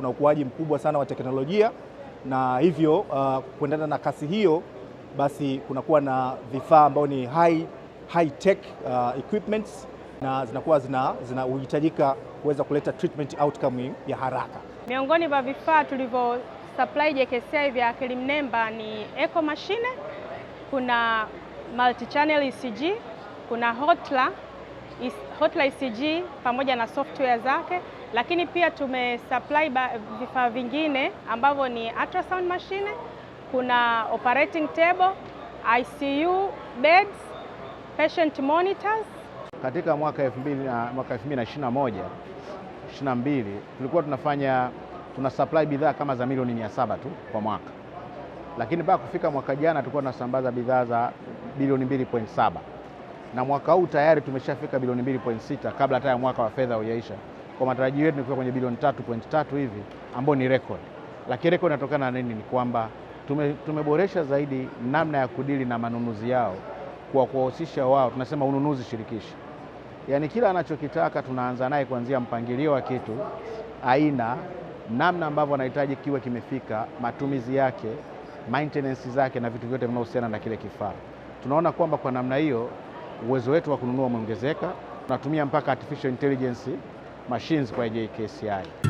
kuna ukuaji mkubwa sana wa teknolojia na hivyo uh, kuendana na kasi hiyo, basi kunakuwa na vifaa ambao ni high, high tech uh, equipments na zinakuwa zinahitajika zina kuweza kuleta treatment outcome ya haraka. Miongoni mwa vifaa tulivyo supply JKCI vya Kilimnemba ni echo machine, kuna multi channel ECG, kuna Hotla, Hotla e ECG pamoja na software zake lakini pia tumesupply vifaa vingine ambavyo ni ultrasound machine, kuna operating table, ICU beds, patient monitors. Katika mwaka 2000 mwaka 2021 22 tulikuwa tunafanya tuna supply bidhaa kama za milioni 700 tu kwa mwaka, lakini baada kufika mwaka jana tulikuwa tunasambaza bidhaa za bilioni 2.7 na mwaka huu tayari tumeshafika bilioni 2.6 kabla hata ya mwaka wa fedha hujaisha kwa matarajio yetu ni kwenye bilioni 3.3 hivi ambao ni record. Lakini record inatokana na nini? Ni kwamba tume, tumeboresha zaidi namna ya kudili na manunuzi yao kwa kuwahusisha wao, tunasema ununuzi shirikishi, yaani kila anachokitaka tunaanza naye kuanzia mpangilio wa kitu, aina, namna ambavyo anahitaji kiwe kimefika, matumizi yake, maintenance zake na vitu vyote vinavyohusiana na kile kifaa. Tunaona kwamba kwa namna hiyo uwezo wetu wa kununua umeongezeka, tunatumia mpaka artificial intelligence machines kwa JKCI.